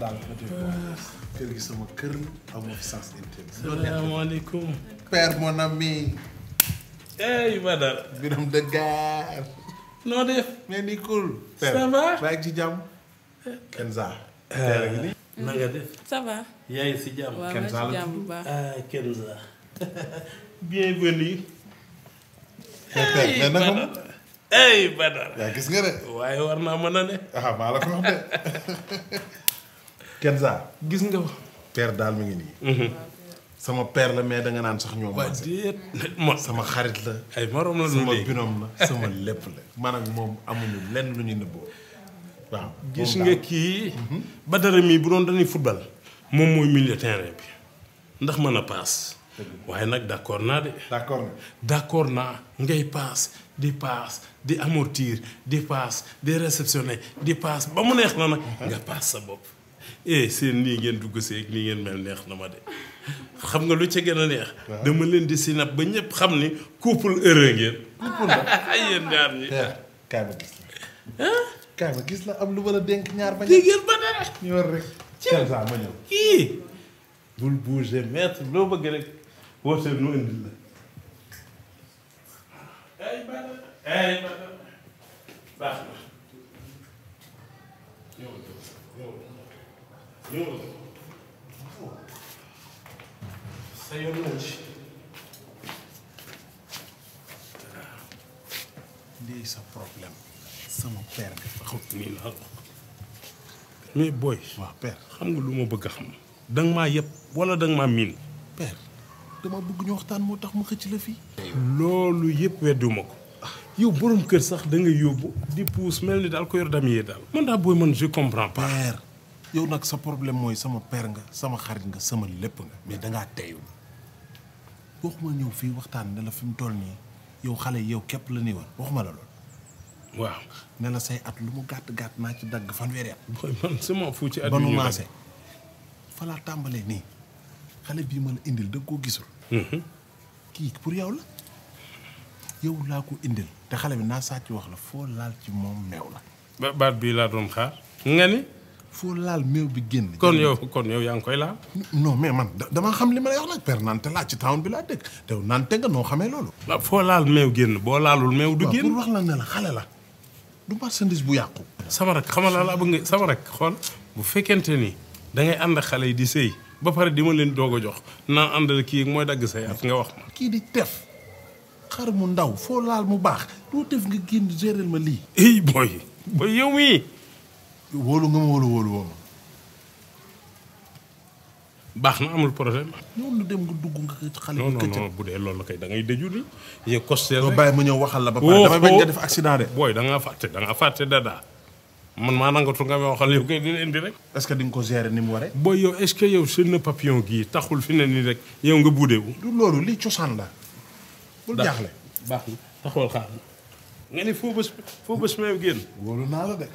daal kër gi sama kër am na sens intime. salaamaaleykum. père mon ami. hey Badara. Birame de Gare. noo def. mais ni cool. Eh, ça va si jàmm. Kenza. Ah, bienvenue. Eh, hey Badara hey Badara. yaa gis nga de. waaye war naa mën a ne. ah maa la ko wax de. Kenza. gis nga wax père daal mi ngi nii. Mhm. sama per la mais da nga naan sax ñoo ma. sama xarit la. ay morom la sama binoom sama lépp la. man ak moom amuñu lenn lu ñu nëbboo. waaw gis nga kii. Mhm. Badara mii bu doon dañuy football. moom mooy milieu terrain bi ndax mën a paas. waaye nag d' accord naa de. d' accord naa ngay paas di paas di amortir di paas di réceptionner di paas ba mu neex na nag. nga paas sa bopp. eh seen lii ngeen dugg see ak lii ngeen mel neex na ma de xam nga lu ca gën a neex. dama leen di sinap ba ñëpp xam ni couple heureux ngeen. couple la ay yéen ñaar ñi. kaay ma gis la. kaay ma gis la am lu war a dénk ñaar bañ a. ngeen ba dara. ñu war rek. ci ma ñëw kii. bul bouger maître loo bëgg rek woote nu indi la. ay ba ay ba baax na. problème père mais boy, waaw père xam nga luma bëgg xam. Dang ma maa wala da ma père dama bëgg ñu waxtaan moo tax ma es la homme loolu ko. yow kër sax da nga yóbbu. di pousse ko yor man man je comprends pas. père yow nag sa problème mooy sama père nga sama xarit nga sama lépp nga mais dangaa teyul waxuma ñëw fii waxtaan ne la fi mu toll nii yow xale yow képp la nii woon waxuma la lool. waaw ne la say at lu mu gàtt gàtt naa ci dagg fanweeri man sama fu ci at ba nu nii xale bii ma indil da koo gisul. Mhm. kii pour yow la. yow laa ko indil te xale bi naa sàcc wax la foo laal ci moom meew la. ba baat bii laa doon xaar nga ni. foo laal méew bi génn. kon yow kon yow yaa ngi koy laal. non mais man damaa xam li ma lay wax nag père nante laa ci town bi laa dëkk te nante nga noo xamee loolu. foo laal méew génn boo laalul méew du génn. pour wax la ne la xale la du marchandise bu yàqu. sama rek xamal laa la ba nga sama rek xool bu fekkente ni da ngay ànd xale yi di sëy ba pare di ma leen doog a jox naan àndal kii mooy dagg say at nga wax kii di tef xar mu ndaw foo laal mu baax doo def nga ma lii. mii. wóolu nga ma wóolu wóolu woo ma baax na amul problème. noonu dem nga dugg nga xale. non non non bu dee loolu la kay da ngay dëju ni. yéen costeel rek bàyyi ma ñëw waxal la ba pare damay bañ nga def accident de. Oh, booy da ngaa fàtte da ngaa fàtte dada man maa nangatu nga ma waxal yow kay di indi rek. est ce que di nga ko gérer ni mu waree. booy yow est ce que yow seen papillon gii taxul fi ne nii rek yow nga buudeewu. du loolu lii cosaan la. bul jaaxle baax na xaar nga ni foo bés foo bés may génn. wóolu naa la de.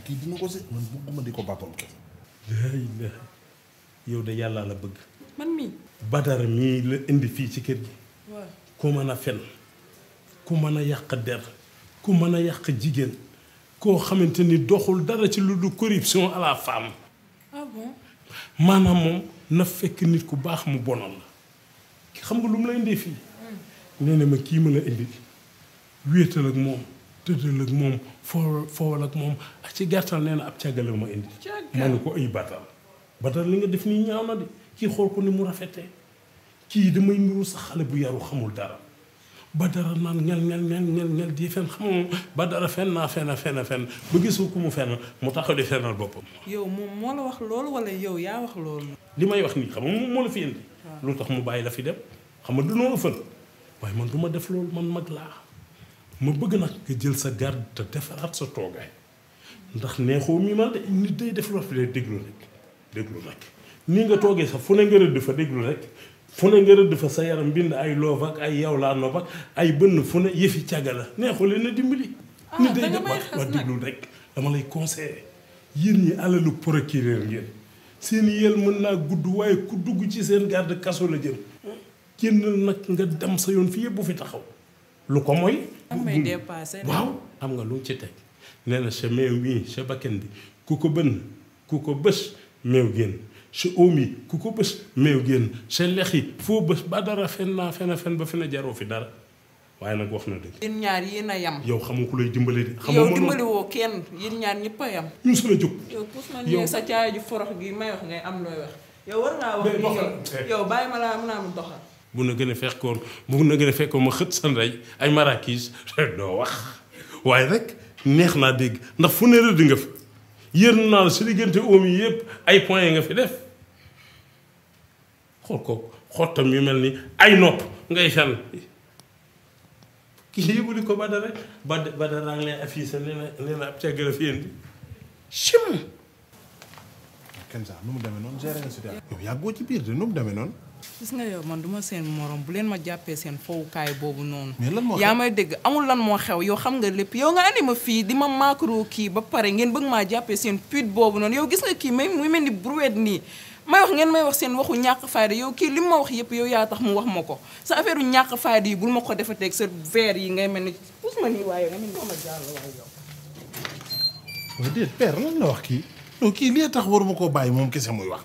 ah kii dina ko si man bëgguma di ko bàppam kese. yow de yàlla la bëgg. man mii. Badara mii la indi fii ci kër gi. ku mën a fen ku mën a yàq der ku mën a yàq jigéen koo xamante ni doxul dara ci lu du corruption à la femme. Ah maanaam moom na fekk nit ku baax mu bonal la xam nga lu mu la indee fii. Hmm. nee ma kii ma la indi wéetal ak moom. tëddal ak moom foo foowal ak moom ak ci gàttal nee na ab càggale ma indi ma ne ko ay ba batal li nga def nii ñaaw na de kii xool ko ni mu rafetee kii damay niru sa xale bu yaru xamul dara ba dara naan ngel ngel ngel ngel ngel di fen xam ba dara fen naa fen fen fen ba gisul ku mu fen mu taxaw di fenal boppam. yow moom moo la wax loolu wala yow yaa wax loolu. li may wax nii xam fi indi. lu tax mu bàyyi la fi dem xam nga du noonu ëffal waaye man du def loolu man mag laa. ma bëgg nag nga jël sa garde te defaraat sa toogaay ndax neexoo mi man de nit dey def loo fi de déglu rek déglu rek ni nga toogee sax fu ne nga rëdd fa déglu rek fu ne nga rëdd fa sa yaram bind ay loof ay yow laa noof ay bënn fu ne yëfi càgga la neexoo leen a dimbali. Ah, nit day def wax déglu rek dama lay conseillé yéen ñi alalu procureur ngeen seen yel mën naa gudd waaye ku dugg ci seen garde kaso la jëm génn nag nga dem sa yoon fii yëpp bu fi taxaw lu ko mooy. Hmm. waaw am nga lu mu ci teg nee na sa meew mii sa bakkan bi ku ko bënn ku ko bës meew génn sa óom yi ku ko bës meew génn sa lex yi foo bës ba dara fen naa fen a fen ba fen a jaroo fi dara waaye nag wax na dëgg. yéen ñaar yéen a yam. yow xamoo ku lay dimbale de. xamoo yow dimbali woo kenn ñaar ñëpp a yam. ñu sën a jóg. yow puus na ne sa caaya ju forox gi may wax ngay am looy wax. yow war ngaa wax yow bàyyi ma laa mën a am doxal. bu na gën a fekkoon bu na gën a fekkoon ma xët sa ndey ay marakis doo wax waaye rek neex naa dégg ndax fu ne rëdd nga fa yërn naa la sa diggante oom yi yëpp ay point nga fi def xool ko xottam yu mel ni ay nopp ngay fen kii yëguli ko Badara Badara Badara ngi lay affiché nee na nee na ab càgg la fi indi chim. Kenza nu mu demee noonu gérer nga situation. yow yàggoo ci biir de nu mu demee noonu. gis nga yow man duma seen morom bu leen ma jàppee seen fowukaay boobu noonu. mais lan yaa may dégg amul lan moo xew yow xam nga lépp yow nga andi ma fii di ma macro kii ba pare ngeen bëgg maa jàppee seen pute boobu noonu yow gis nga kii même muy mel ni brouette nii. may wax ngeen may wax seen waxu ñàkk fayda yow kii li ma wax yëpp yow yaa tax mu wax ma ko sa affaire ñàkk fayda yi bul ma ko defateeg sa verre yi ngay mel ni pus ma nii waaye nga ni ma jàll waaye yow. waaw déet père lan la wax kii non kii liy tax waruma koo bàyyi moom kese muy wax.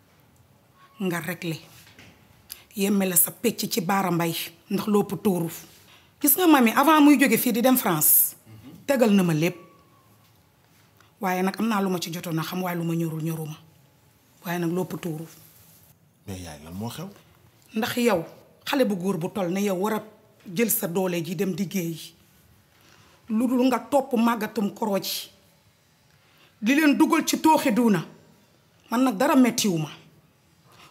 nga réglé yemme la sa pecc ci baara mbay ndax lopp tuuru gis nga mami avant muy jóge fii di dem France tegal na ma lépp waaye nag am naa lu ma ci jotoon na xam waaye lu ma ñorul ñoruma waaye nag lopp tuuru. mais yaay ndax yow xale bu góor bu toll na yow war a jël sa doole ji dem liggéeyi lu dul nga topp màggatum koroo ji di leen dugal ci tooxi na man nag dara mettiwu ma.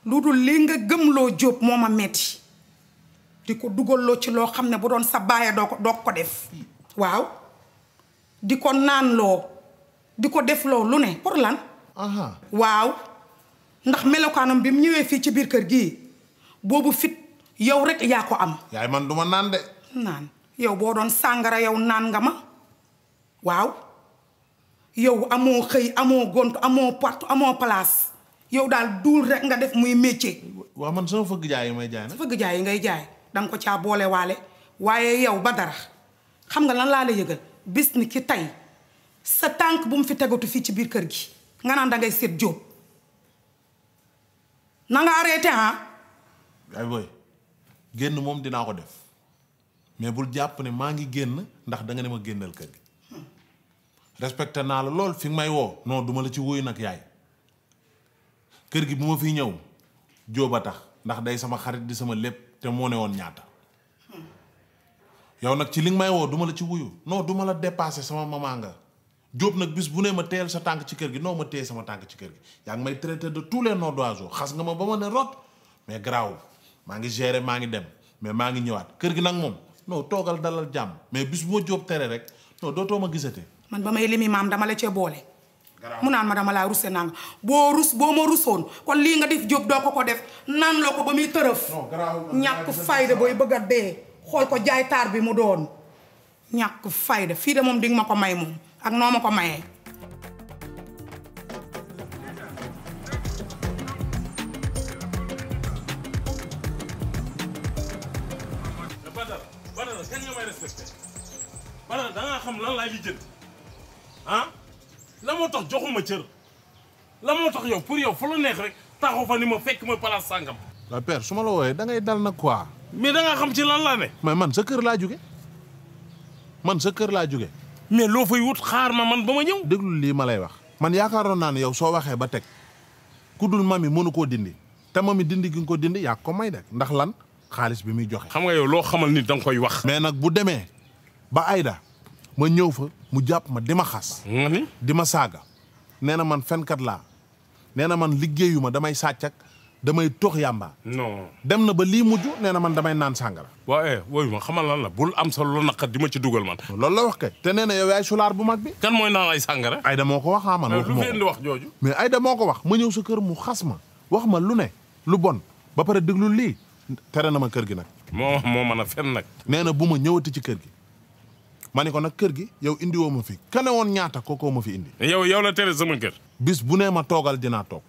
lu dul li nga gëmloo Jóob moo ma metti di ko dugalloo ci loo xam ne bu doon sa baaya doo ko doo ko def waaw di ko naan loo di ko def loo lu ne pour lan waaw ndax melokaanam bi mu ñëwee fii ci biir kër gi boobu fit yow rek yaa ko am yaay man duma naan de naan yow boo doon sàngara yow naan nga ma waaw yow amoo xëy amoo gont amoo porte amoo place yow daal duul rek nga def muy métier. waaw man sama fëgg jaay yi may jaay nag. jaay yi ngay jaay da ko caa boole waale waaye yow ba dara xam nga lan laa la yëgal bis ni ki tey sa tànk bu mu fi tegatu fii ci biir kër gi nga naan da ngay seet jóob na nga arrêté ah. ay génn moom dinaa ko def mais bul jàpp ne maa ngi génn ndax danga dem a ma génnal kër gi hmm. respecté naa la lool fi may woo non duma la ci wuyu nag yaay. kër gi bu ma fi ñëw jóoba tax ndax dey sama xarit di sama lépp te moo ne woon ñaata yow nag ci li nga may woo duma la ci wuyu non duma la dépassé sama maman nga jóob nag bis bu ne ma teel sa tànk ci kër gi non ma téye sama tànk ci kër gi yaa ngi may traité de tous les noms d'oiseaux xas nga ma ba ma ne rot mais garaaw maa ngi géré maa ngi dem mais maa ngi ñëwaat kër gi nag moom non toogal dalal jàmm mais bis bu ma jóob tere rek non dootoo ma gisate. man ba may limi maam dama la cee boole. mu naan ma dama laa ruse naan boo rus boo ma rusoon kon lii nga def jóob doo ko ko def naan loo ko ba muy tërëf ñàkk fayda booy bëgg a dee xool ko jaay taar bi mu doon ñàkk fayda fii de moom dinga ma ko may moom ak noo ma ko mayee la moo tax joxuma cër la moo tax yow pour yow fu la neex rek taxaw fa ni ma fekk ma place sàngam. waaw père su ma la wooyee da ngay dal nag quoi. mais da nga xam ci lan laa ne. mais man sa kër laa jóge man sa kër laa jóge mais loo fay wut xaar ma man ba ma ñëw. déglu lii wax. man yaakaaroon naa ne yow soo waxee ba teg ku mami monu koo dindi te mami dindi gi nga ko dindi yaa ko may de ndax lan xaalis bi muy joxe. xam nga yow loo xamal ni da nga koy wax. mais nag bu demee ba Aida ma ñëw fa. mu jàpp ma di ma xas. di ma saaga. nee na man fenkat laa nee na man liggéeyuma damay sàcc damay tox yàmba. non dem na ba lii mujj nee na man damay naan sàngara. waaye eh, wooyu ma xamal lan la bul am sa lu naqar di ma ci dugal man. loolu la wax ke te nee na yaay sulaar bu mag bi. kan mooy naan ay sàngara. Ayda moo ko wax ah man. Eh, waxu ma ko wax jooju. mais Ayda moo ko wax ma ñëw sa kër mu xas ma wax ma lu ne lu bon ba pare déglu lii tere na ma kër gi nag. moo moo mën a fen nag. nee na bu ma ñëwati ci kër gi. ma ne ko nag kër gi yow indi woo ma fi kane woon ñaata ko ma fi indi. yow yow la tere sama kër. bis bu ne ma toogal dinaa toog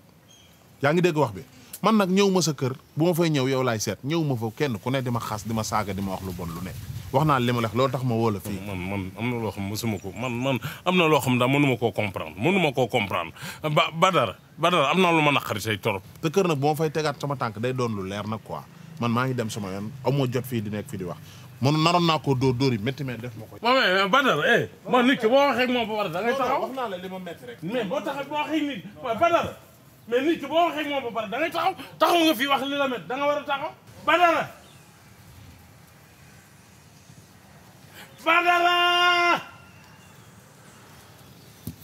yaa ngi dégg wax bi man nag ñëw ma sa kër bu ma fay ñëw yow laay seet ñëw ma fa kenn ku ne di ma xas di ma saaga di ma wax lu bon lu ne wax naa li ma lex loolu tax ma woo la fii. man man am na loo xam mosuma ko man man am na loo xam daal mënuma koo comprendre mënuma koo comprendre ba Badara Badara am na lu ma naqari say torop. te kër nag bu fay tegaat sama tànk day doon lu leer nag quoi man maa ngi dem sama yoon amoo jot fii di nekk fii di wax man naroon naa koo dóor dóor yi métti def ma ko. moom mais Badar eh man nit ki boo waxee moom ba pare da rek. mais boo taxaw boo waxee nit mais nit ki boo waxee ak moom ba pare da taxaw taxaw nga fii wax li la métti da nga war a taxaw Badara. Badara.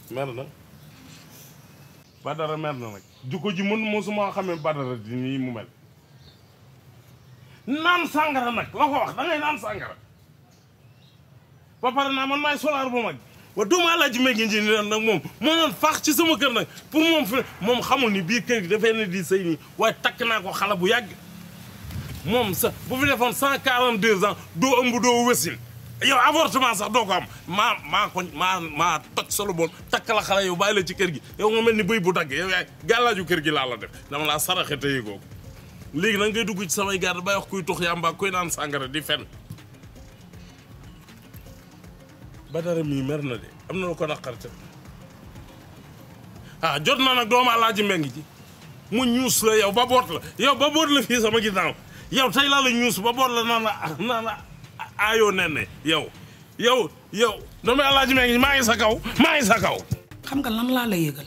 mer na. mer na nag. jikko ji mën mosuma xamee Badara di nii mu mel. naan sàngara nag la ko wax da ngay naan sàngara ba pare naa man maay solaar bu mag wa doomu alaaji megi nji ni nag moom moo doon faax ci sama kër nag pour moom fi moom xamul ni bii kër gi dafay ne di sëy waaye takk naa ko xala bu yàgg moom sa bu fi defoon cent deux ans doo ëmb doo wësin yow avortement sax doo ko am maa maa ko maa maa toj solo boon takk la xala yow bàyyi la ci kër gi yow nga mel ni bëy bu dagg yow yaay gàllaaju kër gi laa la def dama laa saraxe téye kooku léegi nag ngay dugg ci samay garde bay wax kuy tux yàmba kuy naan sàngara di fen Badara mii mer na de am na lu ko ah, jot na nag doomu alaaji meng ji mu ñuus la yow ba boot la yow ba fii sama ginnaaw yow tey laa la ñuus ba boot la naan la naan la aayoo yow yow yow doomu alaaji meng ji maa ngi sa kaw maa ngi kaw xam nga lan laa la yëgal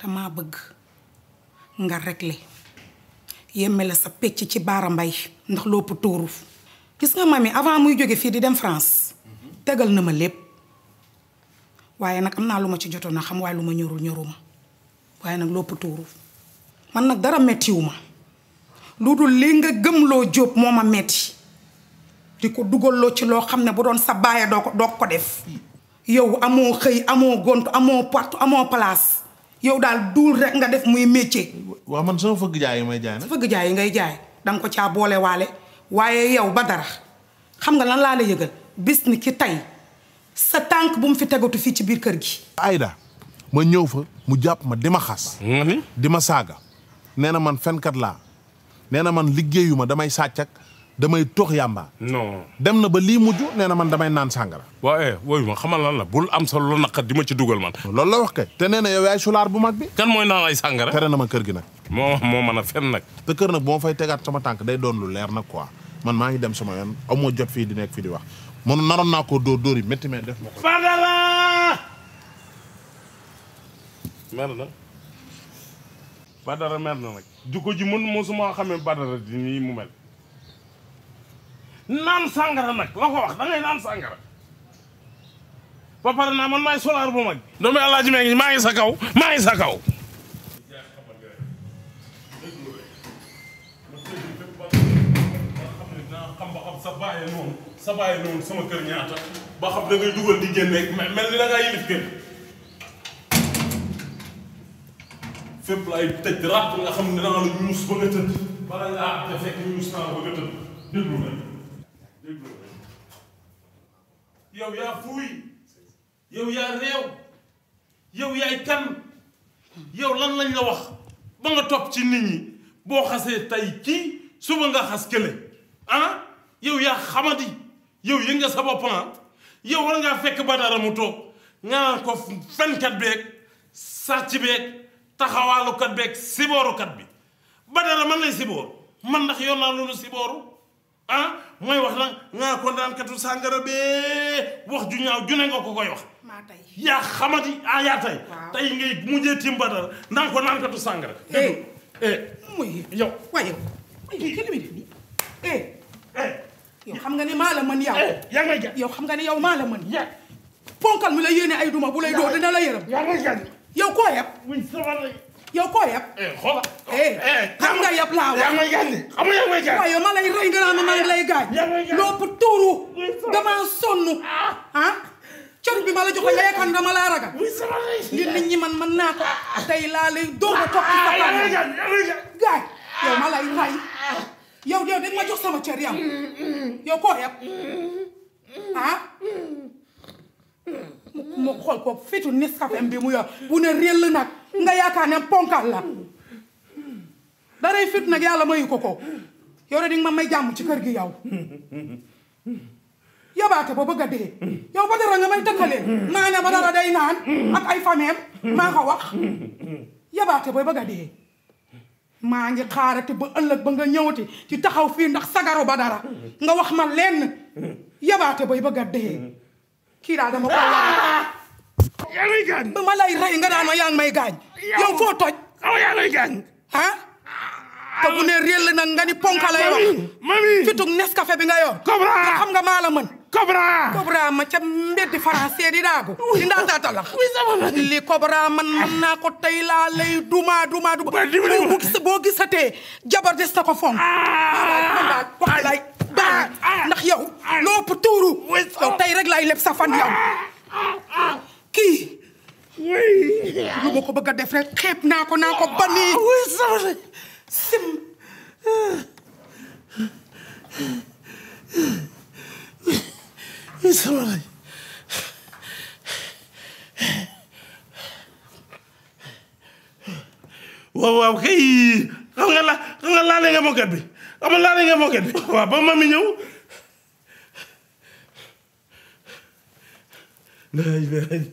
te nga réglé yemme la sa pecc ci baara mbay ndax lopp tuuru gis nga mami avant muy jóge fii di dem France tegal na ma lépp waaye nag am naa lu ma ci jotoon na xam waaye lu ma ñorul ñoruma waaye nag lopp tuuru man nag dara mettiwu ma lu dul li nga gëmloo jóob moo ma metti di ko dugaloo ci loo xam ne bu doon sa baaya doo ko doo ko def yow amoo xëy amoo gont amoo porte amoo place yow daal duul rek nga def muy métier. waaw man sama fëgg jaay yi may jaay nag. fëgg jaay yi ngay jaay da ko caa boole waale waaye yow ba dara xam nga lan laa la yëgal bis ni ki tey sa tànk bu mu fi tegatu fii ci biir kër gi. ayda ma ñëw fa mu jàpp ma di ma xas. di ma saaga nee na man fenkat laa nee na man liggéeyuma ma damay sàccak damay tox yàmba. non dem na ba lii mujj nee na man damay naan sàngara. waaye eh, wooyu ma xamal lan la bul am sa lu naqat di ma ci dugal man. loolu la wax kay. te nee na yaay sulaar bu mag bi. kan mooy naan ay sàngara. tere na ma kër gi nag. moo moo mën a fen nag. te kër nag boo fay tegaat sama tànk day doon lu leer nag ko man maa ngi dem sama yoon amoo jot fii di nekk fii di wax man naroon naa koo dóor dóor yi métti mais def ma ko. Badara. mer na Badara mer na nag. jikko ji di mu mel. naan sàngara nag la ko wax da ngay naan sàngara ba pare naa man maay solaar bu mag doomu Alaaji mee ngi maa ngi sa kaw maa ngi sa kaw sa bàyyi noonu sa bàyyi noonu sama kër ñaata ba xam da ngay dugal di génne mel ni da ngaa yilif kër fépp laay tëj ràpp nga xam ne danaa la ñuus ba nga tëdd bala ngaa te fekk ñuus naa la ba nga tëdd déglu na yow yaa fuuy yow yaa réew yow yaay kan yow lan lañ la wax ba nga topp ci nit ñi boo xasee tey kii suba nga xas kële ah yow yaa xamadi yow yëg nga sa bopp yow war ngaa fekk ba dara mu toog nga naan ko fenkat beeg sàcc beeg taxawaalukat beeg siboorukat bi ba man lay siboor man ndax yor naa lu nu ah mooy wax la nga ko naan katu sàngara bee wax ju ñaaw ju ne nga ko koy wax. tey yaa xamati ah yaa tey. tey ngay mujjee timbadal naan ko naan katu sàngara. Eh. dégg eh. muy yow waaye yow mi def nii eh. yow xam nga ne maa la mën yow. yaa ngay yow xam nga ne yow maa la mën. ponkal mi la yéene ay duma bu lay doo dina la yërëm. yaa ngay yow yow koo yab. xoola. xam nga yab laa wax. yaa may gaañ de xam nga yaa may gaañ. waaye ma lay rey nga naan ma lay gaañ. yaa may gaañ lóopu tuuru. damaa sonn ah. cër bi ma la jox la yaakaar dama laa ragal. ngir nit ñi man man naa ko. Ah, ah. tey laa lay door ah, a toog ci sa paa. gaañ yow ma lay rey. yow yow dañ ma jox sama cër yam yow koo yab ah. mu xool ko fitu Nescafé bi mu yor bu ne réel nag. nga yaakaar ne ponkal la daray fit nag yàlla mayu ko ko yow de dinga ma may jàmm ci kër gi yow yabaate ba bëgg a dee yow ba dara nga may dëkkalee naa ne ba dara day naan ak ay fameem maa ko wax yabaate ba bëgg a dee maa ngi xaarati ba ëllëg ba nga ñëwati ci taxaw fii ndax sagaru ba dara nga wax ma lenn yabaate bay bëgg a dee kii daal dama ko Yang lay gaañ ba ma lay rey nga daan ma yaa may gaañ yow foo toj aw yaa lay gaañ ah te bu ne réel nag nga ni ponka lay wax mami fituk nescafé bi nga yor cobra xam nga maa la cobra cobra ma ca mbedd français di daago di ndaa daa talax li cobra man man naa ko tey laa lay duma duma duma bu gis boo gisatee jabar des na ko Ah. wax lay daa ndax yow loo ëpp tuuru yow rek lay kii. lu ma ko bëgg a def rek xeeb naa ko naa ko bani. Ah, sim. waaw waaw kay xam nga la xam nga laale nga moket bi xam nga laale nga moket bi waaw ba mami ñëw. naaj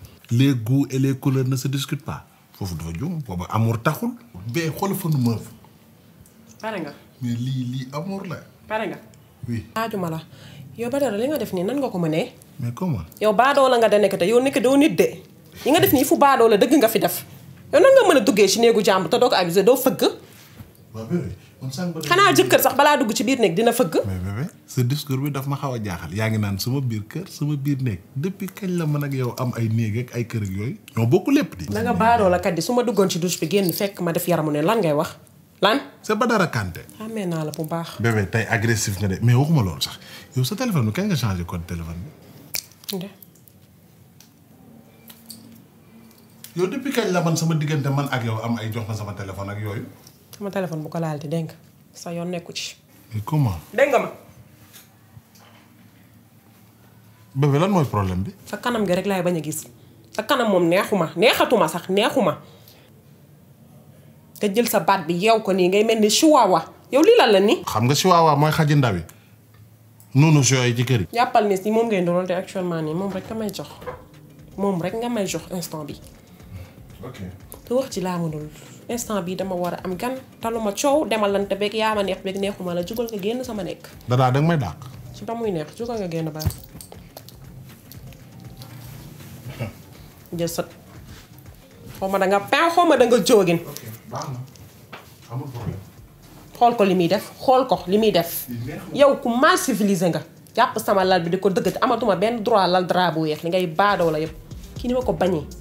les goûts et les couleurs ne se foofu dafa jum booba amour taxul. mais xool fa nu ma. pare nga. mais lii lii amour la. pare nga. oui. laajuma la yow Badara li nga def nii nan nga ko mënee. mais yow baadoo la nga de nekk te yow nekk doo nit de yi nga def nii fu baadoo la dëgg nga fi def yow nan nga mën a duggee ci néegu jàmbur te doo ko aviser doo fëgg. xanaa jëkkër sax balaa dugg ci biir néeg dina fëgg. mais bébé sa discours bi daf ma xaw a jaaxal yaa ngi naan sama biir kër sama biir néeg depuis kañ la man ak yow am ay néeg ay kër ak yooyu ñoo bokk lépp di. da baaroo la kat di su ma duggoon ci douche bi génn fekk ma def yaramu ne lan wax lan. c'est Badara Kanté. naa la bu baax. bébé tey agressif nga de mais waxuma loolu sax yow sa téléphone bi kañ nga changé code téléphone la man sama diggante man ak yow am ay jox ma sama téléphone ak yooyu. sama téléphone bu ko laal di dénk sa yoon nekku ci. mais comment. dégg ma. bébé mooy problème bi. sa kanam gi rek lay bañ a gis sa kanam moom neexuma neexatuma sax neexuma te jël sa baat bi yeew ko nii ngay mel ni chihuahua yow lii lan la ni xam nga chihuahua mooy xaji ndaw yi noonu chihuahua yi ci kër yi. jàppal ni si moom ngay doon te actuellement nii moom rek nga may jox moom rek nga may jox instant bi te wax ci laa mënul instant bi dama war am gan taluma coow demalante bek ya ma neex bek neexuma la jugal nga genn sama da da danga may dak su tamuy neex jugal nga genn ba je sat xaw ma da nga pen xaw ma da nga jogin xol ko limi def xol ko limi def. yow ku ma civiliser nga. jàpp sama lal bi di ko dëgg amatuma ben droit lal drabu bu weex li ngay badaw la yeb ki ni mako ko